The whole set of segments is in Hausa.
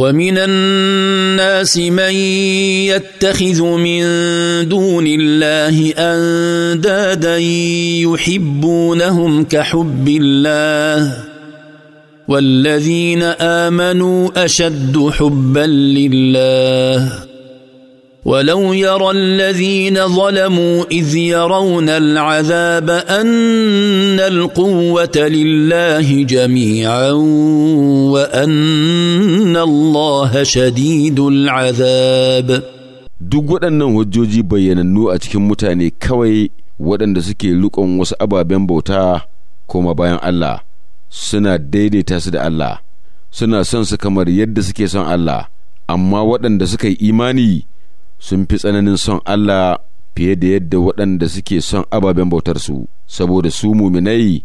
ومن الناس من يتخذ من دون الله اندادا يحبونهم كحب الله والذين امنوا اشد حبا لله ولو يرى الذين ظلموا اذ يرون العذاب ان القوه لله جميعا وان الله شديد العذاب duk waɗannan hujjoji bayyanannu a cikin mutane kawai waɗanda suke riƙon wasu ababen bauta koma bayan Allah suna daidaita su da Allah suna son su kamar yadda suke son Allah amma waɗanda suka yi imani sun fi tsananin son Allah fiye da yadda waɗanda suke son ababen bautarsu saboda su muminai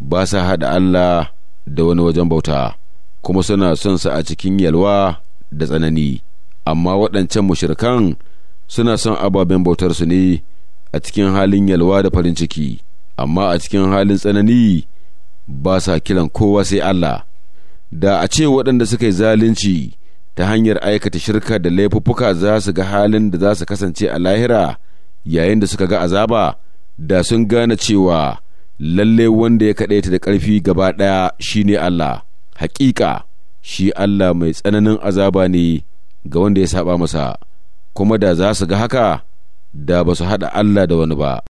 ba sa haɗa Allah da wani wajen bauta kuma suna son sa a cikin yalwa da tsanani amma waɗancan mushirikan suna son ababen bautarsu ne a cikin halin yalwa da farin ciki amma a cikin halin tsanani ba sa kiran kowa sai Allah da a ce waɗanda suka yi zalunci ta hanyar aikata shirka da laifuffuka za su ga halin da za su kasance a lahira yayin da suka ga azaba da sun gane cewa lalle wanda ya kaɗaita da ƙarfi gaba ɗaya shine Allah haƙiƙa shi Allah mai tsananin azaba ne ga wanda ya saba masa kuma da za su ga haka da ba su haɗa Allah da wani ba